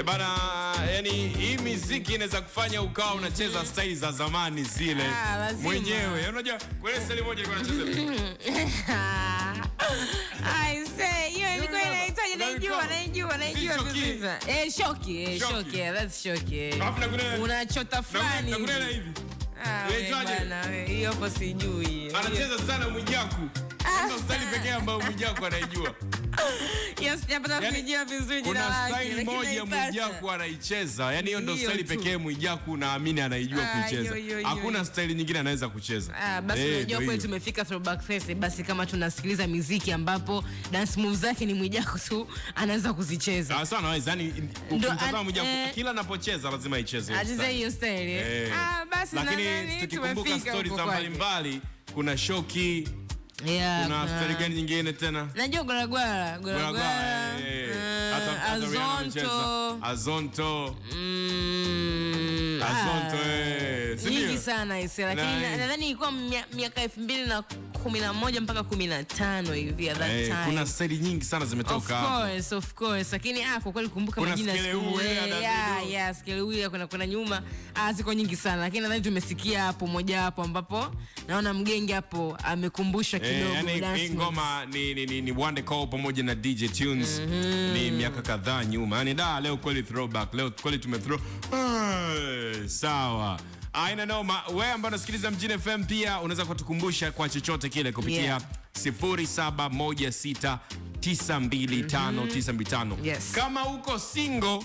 E bana, yani hii miziki inaweza kufanya ukawa unacheza staili za zamani zile Ah, mwenyewe. Eh, unajua kuna staili eh. moja ilikuwa inacheza I say hiyo yaani ilikuwa inaitwaje? Naijua, naijua, naijua kabisa. Eh, shoki, eh, shoki, that's shoki. Unachota fulani. Nakuna hivi. Ah, hiyo hapo sijui. Anacheza sana Mwijaku. Ah. Ndio staili pekee ambayo Mwijaku anaijua. Yes, sijapata yaani, kujua yaani hiyo ndio style pekee Mwijaku naamini anaijua ah, kuicheza. Hakuna style nyingine anaweza kucheza. Ah, eh, tumefika Throwback Thursday basi kama tunasikiliza muziki ambapo dance moves zake ni Mwijaku tu anaweza kuzicheza. Ah, Sasa anaweza yani ukimtazama Mwijaku eh, kila anapocheza lazima aicheze. Acheze hiyo style. Eh. Ah, basi lakini tukikumbuka stories mbalimbali kuna shoki Yeah, kuna nyingine tena? Najua Gwalagwala, Gwalagwala. Eh, eh, eh, Azonto. Azonto. Mm, Azonto. Ah, nyingi sana hisi lakini nadhani ilikuwa miaka elfu mbili na 11 mpaka 15 hivi at that eh, time. Kuna staili nyingi sana zimetoka hapo. Of course, of course. Lakini ah, kwa kweli kumbuka majina siku. Eh, yeah, yeah, Skelewia kuna kuna nyuma ah, ziko nyingi sana. Lakini nadhani tumesikia hapo moja hapo ambapo naona mgenge hapo amekumbusha eh, kidogo. Hey, yani ngoma ni ni ni, ni Wande Call pamoja na DJ Tunes mm -hmm. Ni miaka kadhaa nyuma. Yaani da leo kweli throwback. Leo kweli tumethrow. Sawa. Aina noma. Wewe ambaye unasikiliza Mjini FM pia unaweza kutukumbusha kwa chochote kile kupitia yeah. 0716925925. Mm-hmm. Yes. Kama uko single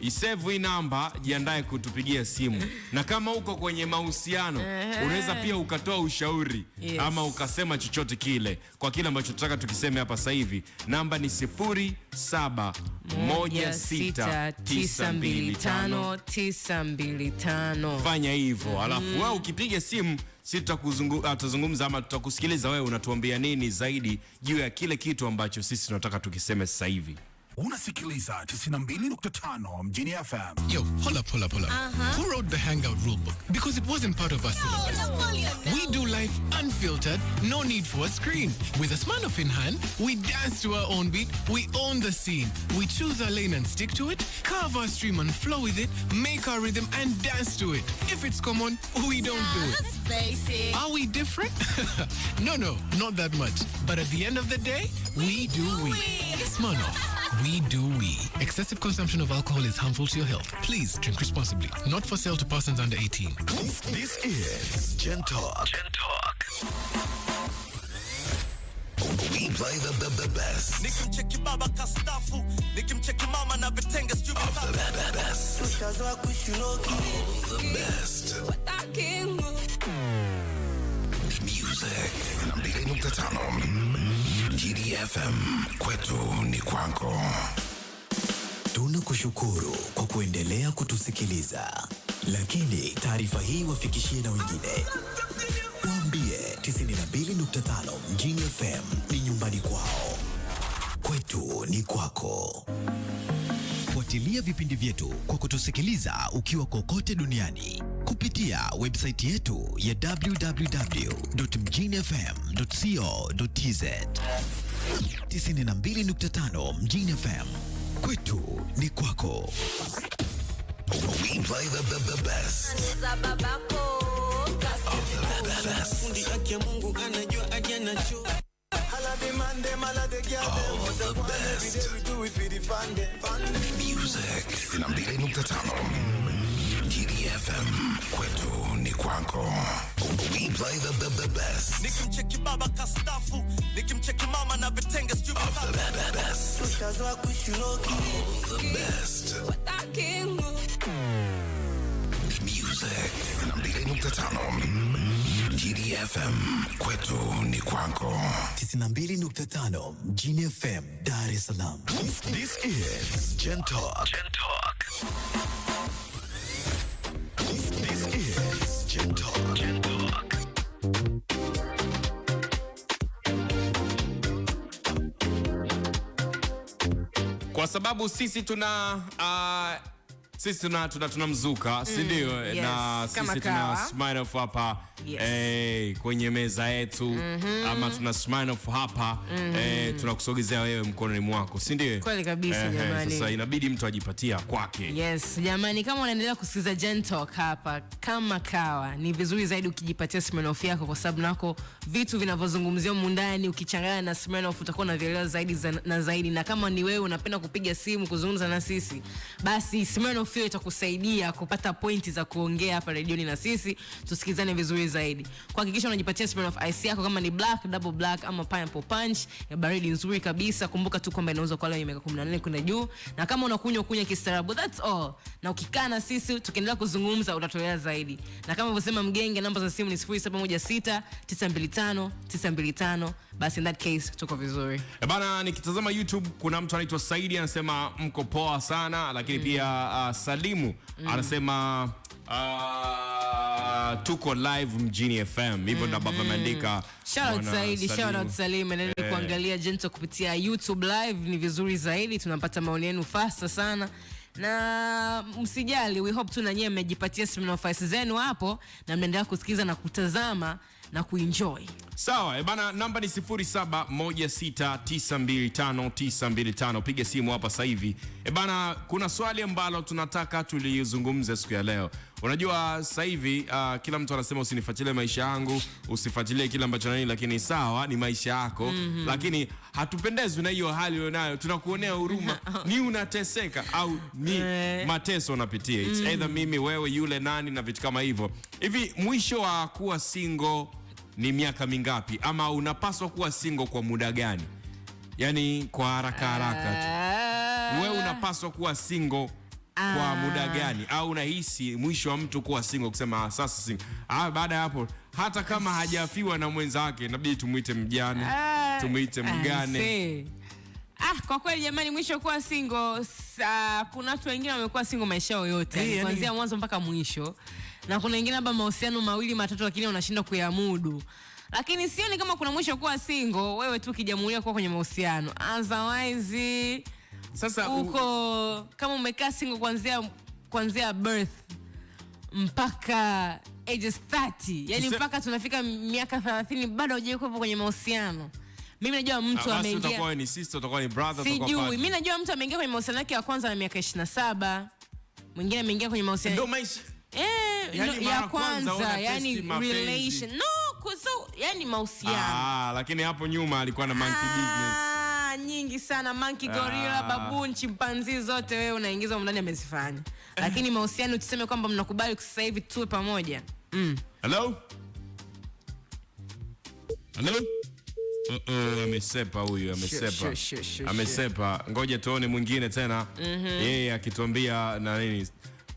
isevu hii namba, jiandae kutupigia simu. Na kama uko kwenye mahusiano, unaweza pia ukatoa ushauri yes, ama ukasema chochote kile kwa kile ambacho tunataka tukiseme hapa sasa hivi. Namba ni 0716925925. Fanya hivyo, alafu mm, wewe ukipiga simu si ah, tutazungumza ama tutakusikiliza wewe unatuambia nini zaidi juu ya kile kitu ambacho sisi tunataka tukiseme sasa hivi. Unasikiliza 92.5 Mjini FM. Yo, hold up, hold up, hold up. Uh -huh. Who wrote the Hangout rulebook? Because it wasn't part of our no, syllabus. no. We do life unfiltered, no need for a screen. With a smartphone in hand, we dance to our own beat, we own the scene. We choose our lane and stick to it, carve our stream and flow with it, make our rhythm and dance to it. If it's common, we don't yeah. do it basic. Are we different? no, no, not that much. But at the end of the day, we, we do, we. we. Smirnoff. We do we. Excessive consumption of alcohol is harmful to your health. Please drink responsibly. Not for sale to persons under 18. This is Gentalk. Talk. We play the, the, the best. Nikim Nikimcheki baba kastafu, Nikim nikimcheki mama na vitenge stupid. Of The best. Tushazwa kushinoki. All the best. Watakingu. Music 2.5 GDFM kwetu ni kwanko. Tuna kushukuru kwa kuendelea kutusikiliza, lakini taarifa hii wafikishie na wengine. Waambie 92.5 Mjini FM kwako. Fuatilia vipindi vyetu kwa kutusikiliza ukiwa kokote duniani kupitia websaiti yetu ya www.mjinifm.co.tz 92.5 Mjini FM, kwetu ni kwako. Fundi yake Mungu anajua aje mande malade gyabe the best. Music 92.5 GDFM kwetu ni kwako. We play the, the, the best. Nikimcheki baba kastafu, nikimcheki mama na vitenge sijui Of the, the best. Tutazwa kushuroki. Of the best. Watakingu. Music 92.5 Tajiri FM, kwetu ni kwako. 92.5 Mjini FM, Dar es Salaam. This is Gen Talk. Gen Talk. This is Gen Talk. Gen Talk. Kwa sababu sisi tuna uh, sisi tuna tuna tunamzuka mm, si ndio? Mm, yes. Na sisi tuna smile off hapa yes. Eh, kwenye meza yetu mm -hmm. Ama tuna smile off hapa mm -hmm. Eh, tunakusogezea wewe mkononi mwako si ndio? Kweli kabisa eh, jamani. Sasa inabidi mtu ajipatia kwake. Yes, jamani kama unaendelea kusikiza Gen hapa kama kawa ni vizuri zaidi ukijipatia smile off yako kwa sababu nako vitu vinavyozungumziwa mundani ukichanganya na smile off utakuwa unavielewa zaidi na zaidi na kama ni wewe unapenda kupiga simu kuzungumza na sisi basi smile off Matokeo itakusaidia kupata pointi za kuongea hapa redioni na sisi tusikizane vizuri zaidi. Kuhakikisha unajipatia Smirnoff of Ice yako kama ni black, double black ama pineapple punch ya baridi nzuri kabisa. Kumbuka tu kwamba inauzwa kwa leo miaka 14 kwenda juu, na kama unakunywa kunywa kistaarabu, that's all. Na ukikaa na sisi tukiendelea kuzungumza utatolea zaidi, na kama ulivyosema mgenge, namba za simu ni 0716 925 925 basi in that case tuko vizuri. E bana, nikitazama YouTube kuna mtu anaitwa Saidi anasema mko poa sana, lakini mm. pia uh, Salimu mm. anasema Uh, tuko live Mjini FM hivyo ndo ambavyo mm-hmm. ameandika. Shout out Saidi, shout out Salim, endelea eh. kuangalia Gentle kupitia YouTube live, ni vizuri zaidi, tunapata maoni yenu fasta sana na msijali, we hope tu na nyewe mmejipatia zenu hapo na mnaendelea kusikiza na kutazama na kuenjoy. Sawa, e bana, namba ni 0716925925. Piga simu hapa sasa hivi. E bana, kuna swali ambalo tunataka tulizungumze siku ya leo. Unajua sasa hivi uh, kila mtu anasema usinifuatilie maisha yangu, usifuatilie kile ambacho nani, lakini sawa, ni maisha yako. Mm -hmm. Lakini hatupendezwi na hiyo hali unayo. Tunakuonea huruma. Ni unateseka au ni eh. mateso unapitia. It's mm. either mimi, wewe, yule nani na vitu kama hivyo. Hivi mwisho wa kuwa single ni miaka mingapi ama unapaswa kuwa single kwa muda gani? Yani kwa haraka haraka tu ah. wewe unapaswa kuwa single kwa ah. muda gani, au unahisi mwisho wa mtu kuwa single kusema ah, sasa single? Ah, baada ya hapo hata kama hajafiwa na mwenza wake inabidi tumuite mjane, tumuite mgane. Ah, kwa kweli jamani, mwisho kuwa single, kuna watu wengine wamekuwa single maisha yote, eh, kuanzia mwanzo mpaka mwisho na kuna wengine labda mahusiano mawili matatu, lakini wanashindwa kuyamudu. Lakini sioni kama kuna mwisho kuwa single, wewe tu ukijamulia kuwa kwenye mahusiano otherwise, sasa uko u... kama umekaa single kuanzia kuanzia birth mpaka ages 30 yani mpaka tunafika miaka 30 bado hujai kuwepo kwenye mahusiano. Mimi najua mtu ah, ameingia, utakuwa ni sister, utakuwa ni brother, utakuwa sijui. Mimi najua mtu ameingia kwenye mahusiano yake ya kwanza na miaka 27, mwingine ameingia kwenye mahusiano Eh, yaani ya kwanza yani relation no kuzo, yani mahusiano. Ah, lakini hapo nyuma alikuwa na monkey ah, business nyingi sana monkey, ah. gorilla, ah, baboon, chimpanzee zote wewe unaingiza ndani amezifanya, lakini mahusiano tuseme kwamba mnakubali sasa hivi tuwe pamoja mm. Hello? Hello? Uh -uh, amesepa huyu, amesepa amesepa. Ngoja tuone mwingine tena mhm. yeye mm -hmm. akituambia na nini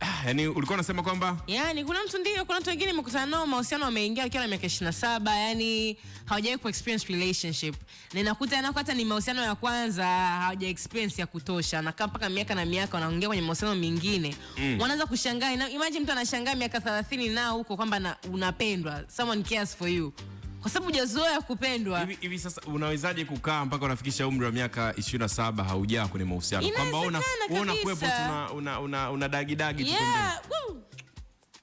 Ah, yani ulikuwa unasema kwamba yani kuna mtu ndio, kuna watu wengine mkutana nao mahusiano wameingia wakiwa na miaka 27, yani hawajawahi ku experience relationship, na nakuta hata ni mahusiano ya kwanza hawaja experience ya kutosha, na kama mpaka miaka na miaka wanaongea kwenye mahusiano mengine mm. wanaanza kushangaa. Imagine mtu anashangaa miaka 30 nao huko kwamba na, unapendwa someone cares for you kwa sababu hujazoea kupendwa. Hivi hivi sasa unawezaje kukaa mpaka unafikisha umri wa miaka 27 haujaa kwenye mahusiano, kwamba una una kwepo una una, una, una dagi dagi tu yeah.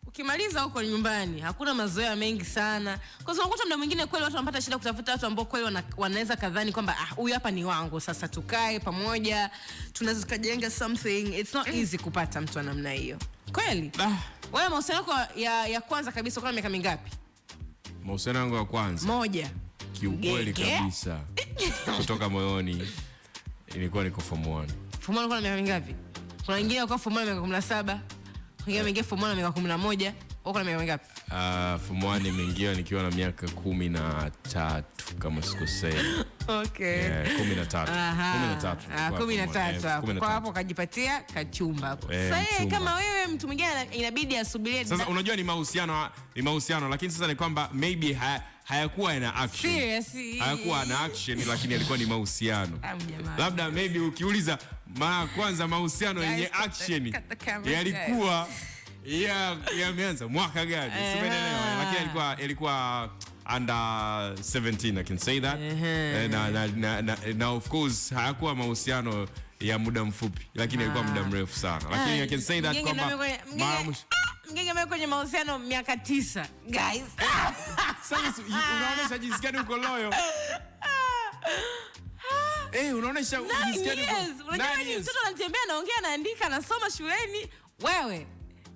Ukimaliza huko nyumbani hakuna mazoea mengi sana, kwa sababu unakuta muda mwingine kweli watu wanapata shida kutafuta watu ambao kweli wanaweza kadhani kwamba ah, huyu hapa ni wangu, sasa tukae pamoja, tunaweza tukajenga something. It's not easy kupata mtu wa namna hiyo kweli. Ah, wewe mahusiano yako ya, ya kwanza kabisa kwa miaka mingapi? Mahusiano yangu ya kwanza moja, kiukweli kabisa kutoka moyoni, ilikuwa niko form 1. Form 1 kwa miaka mingapi? Kuna wengine wako form 1 miaka 17, wengine wameingia form 1 miaka 11. Uko na miaka mingapi? Uh, ah, form 1 nimeingia nikiwa na miaka kumi na tatu kama sikosei. Okay. Yeah, kumi na tatu. Kumi na tatu. Ah, kumi na tatu. Kwa hapo kajipatia kachumba. Eh, sasa kama wewe mtu mwingine inabidi asubirie. Sasa unajua ni mahusiano ni mahusiano lakini sasa ni kwamba maybe ha, hayakuwa ina action. Seriously. Hayakuwa na action lakini yalikuwa ni mahusiano. Ah, Labda maybe ukiuliza mara kwanza mahusiano yenye action yalikuwa yeah, yameanza mwaka gani? lakini alikuwa alikuwa under 17 I can say that. Na, na, na, na, na of course hayakuwa mahusiano ya muda mfupi, lakini ilikuwa muda mrefu sana, lakini I can say that kwamba mgenge ambaye kwenye mahusiano miaka tisa, guys. Sasa unaonesha jinsi gani uko loyo. Eh, unaonesha jinsi gani uko. Nani mtoto anatembea, anaongea, anaandika, anasoma shuleni, wewe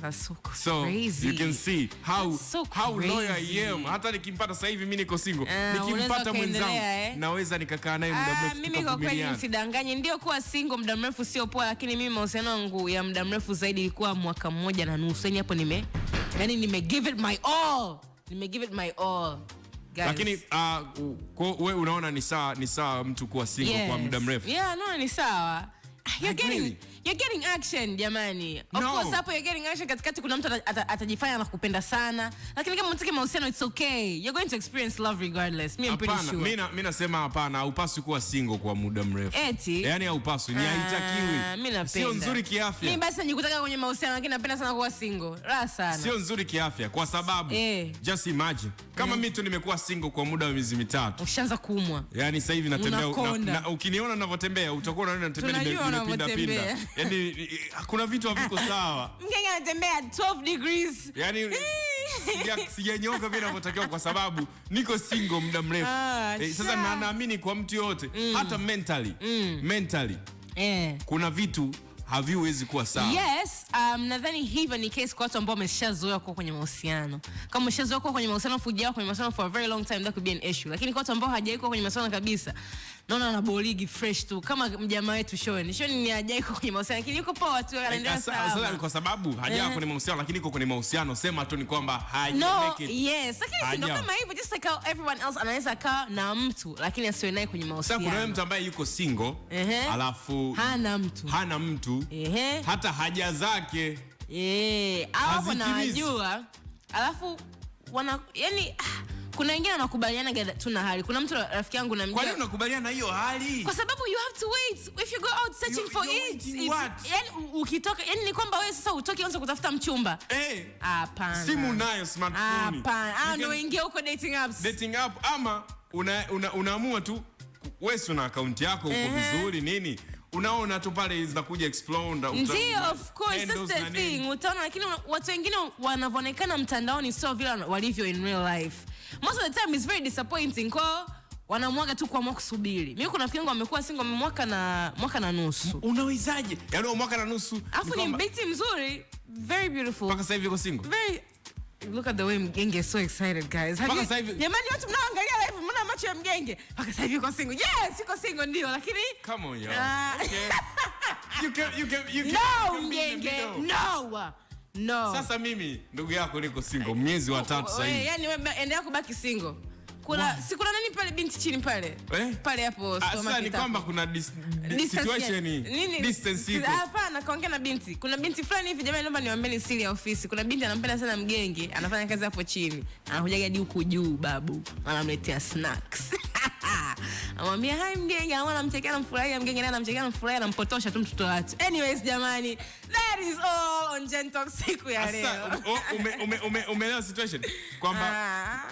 That's so crazy. So you can see how so how loyal I am. Hata nikimpata sasa hivi mimi niko single. Uh, nikimpata mwenzangu eh, naweza nikakaa naye muda ah, mrefu. Mimi kwa kweli nisidanganye, ndio kuwa single muda mrefu sio poa, lakini mimi mahusiano yangu ya muda mrefu zaidi ilikuwa mwaka mmoja na nusu. Yani hapo nime yani nime give it my all. Nime give it my all. Guys. Lakini uh, we unaona ni sawa ni sawa mtu kuwa single yes, kwa muda mrefu. Yeah, no, ni sawa. You're getting you're getting action jamani. Of no. course hapo you're getting action katikati kuna mtu atajifanya anakupenda sana. Lakini kama unataka mahusiano it's okay. You're going to experience love regardless. I'm pretty sure. Mimi mimi nasema hapana, haupaswi kuwa single kwa muda mrefu. Eti. Yaani haupaswi, ni ah, haitakiwi. Sio nzuri kiafya. Mimi basi nikutaka kwenye mahusiano lakini napenda sana kuwa single. Raha sana. Sio nzuri kiafya kwa sababu eh. Just imagine kama eh. mimi tu nimekuwa single kwa muda wa miezi mitatu. Ushaanza kuumwa. yani sasa hivi natembea na, na, ukiniona ninavyotembea utakuwa unaona natembea nimepinda pinda yani kuna vitu haviko sawa. Mkenya anatembea 12 degrees. Yani sijanyoka vile navyotakiwa kwa sababu niko single muda mrefu. Ah, eh, sasa na naamini kwa mtu yote mm. hata mentally mm. mentally eh. kuna vitu haviwezi kuwa sawa. Yes, um, nadhani hivyo ni case kwa watu ambao wameshazoea kuwa kwenye mahusiano. Kama umeshazoea kuwa kwenye mahusiano, fujawa kwenye mahusiano for a very long time that could be an issue. Lakini kwa watu ambao hawajawahi kuwa kwenye mahusiano kabisa naona na boligi fresh tu kama mjamaa wetu Shoni. Shoni ni ajai kwa kwenye mahusiano lakini yuko poa tu anaendelea sawa. Sasa kwa sababu hajawa yeah. kwenye mahusiano lakini yuko kwenye mahusiano, sema tu ni kwamba haja no, yes, lakini sio kama hivyo just like how everyone else anaweza kaa na mtu lakini asiwe naye kwenye mahusiano. Sasa kuna mtu ambaye yuko single alafu hana mtu, hana mtu hata haja zake eh, hapo na wajua alafu wana yani ah, kuna wengine wanakubaliana tuna hali. Kuna mtu rafiki yangu namjua. Kwa nini unakubaliana hiyo hali? Kwa sababu you have to wait. If you go out searching for it. Yani ukitoka, yani ni kwamba wewe sasa utoke uanze kutafuta mchumba. Eh. Hapana. Simu nayo smartphone. Hapana. Ah, ndio ingia huko dating apps. Dating app ama unaamua una, una, tu wewe si una account yako uko vizuri nini? Unaona tu pale zinakuja explore. Ndio, of course that's the thing. Utaona, lakini watu wengine wanavyoonekana mtandaoni sio vile walivyo in real life most of the time is very disappointing kwa wanamwaga tu kuamua kusubiri. Mimi kuna mkingo amekuwa single mwaka na mwaka na nusu. Unawezaje? Yaani mwaka na nusu. Afu ni binti mzuri, very beautiful. Paka sasa hivi uko single. Very Look at the way mgenge is so excited guys. Have Paka sasa hivi. Jamani watu mnaangalia live mna macho ya mgenge. Paka sasa hivi uko single. Yes, uko single ndio lakini Come on yo. Uh, ah. okay. you can you can you can No mgenge. No. No. Sasa mimi ndugu yako niko single miezi tatu sasa hivi. Yaani wewe endelea kubaki single. Kuna si kuna nani pale binti chini pale? Eh? Pale hapo ah, supermarket. Sasa ni kwamba kuna dis, dis, situation nini? Distance iko. Ah, hapana, kaongea na binti. Kuna binti fulani hivi jamani, naomba niwaambie siri ya ofisi. Kuna binti anampenda sana mgenge, anafanya kazi hapo chini. Anakuja hadi huku juu babu. Anamletea snacks. Ah, Amwambia hai mgenge, ama anamchekea anamfurahia, mgenge naye anamchekea anamfurahia, anampotosha tu mtoto wake. Anyways, jamani, that is all on Gen Talk siku ya leo. Umeelewa situation kwamba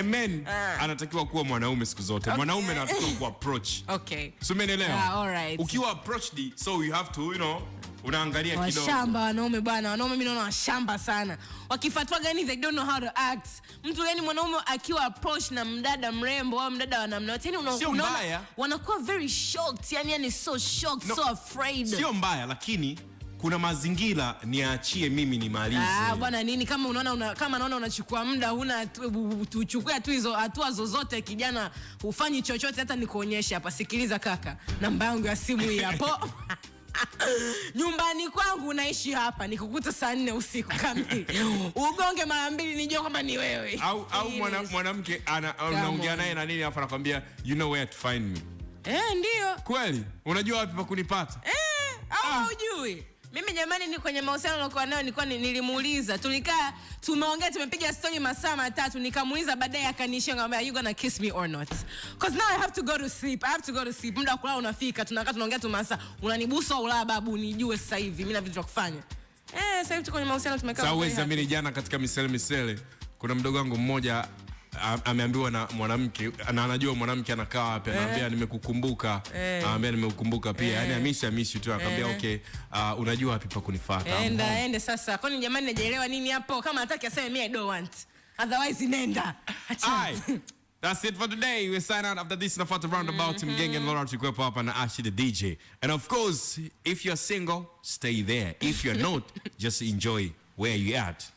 Amen ah. ah. Anatakiwa kuwa mwanaume siku zote. Okay. Mwanaume anatakiwa kuapproach. Okay. So umeelewa? Yeah, all right. Ukiwa approached, so you have to, you know, unaangalia kidogo. Washamba wanaume bwana, wanaume mimi naona washamba sana. Wakifatwa gani they don't know how to act. Mtu gani mwanaume akiwa approach na mdada mrembo au mdada wa namna yote, yani unaona wanakuwa very shocked, yani yani so shocked, no, so afraid. Sio mbaya lakini kuna mazingira niachie mimi nimalize. Ah, bwana nini kama unaona una, kama naona unachukua muda huna tuchukue tu hizo hatua zozote, kijana hufanyi chochote, hata nikuonyeshe hapa. Sikiliza kaka, namba yangu ya simu hii hapo nyumbani kwangu unaishi hapa, nikukuta saa nne usiku kamili ugonge mara mbili, nijua kwamba ni wewe. Au au mwanamke anaongea naye na nini, alafu anakwambia you know where to find me. Eh, ndio kweli, unajua wapi pa kunipata eh, au hujui? Ah. Mimi jamani, ni kwenye mahusiano nilikuwa nayo, nilikuwa nilimuuliza, tulikaa tumeongea, tumepiga story masaa matatu, nikamuuliza baadaye, akanishia, ngambia, you gonna kiss me or not cause now I have to go to sleep, I have to go to sleep. Muda wa kulala unafika, tunakaa tunaongea tu masaa, unanibusa au la babu, nijue sasa hivi mimi na vitu vya kufanya. Eh, sasa hivi tuko kwenye mahusiano, tumekaa sasa. Wewe zamini jana katika misele misele, kuna mdogo wangu mmoja ameambiwa na mwanamke na anajua mwanamke anakaa wapi, anaambia eh, nimekukumbuka, eh, anaambia ah, nimekukumbuka pia, yaani eh, yani amisi amisi tu, akaambia eh, okay, uh, unajua wapi pa kunifuata, enda ende sasa. Kwani jamani, najielewa nini hapo? Kama hataki aseme mimi I don't want, otherwise nenda. That's it for today. We sign out after this. Nafuata roundabout mm -hmm. Mgenge and mhm. Laura tukiwepo hapa na Ashi the DJ. And of course, if you're single, stay there. If you're not, just enjoy where you at.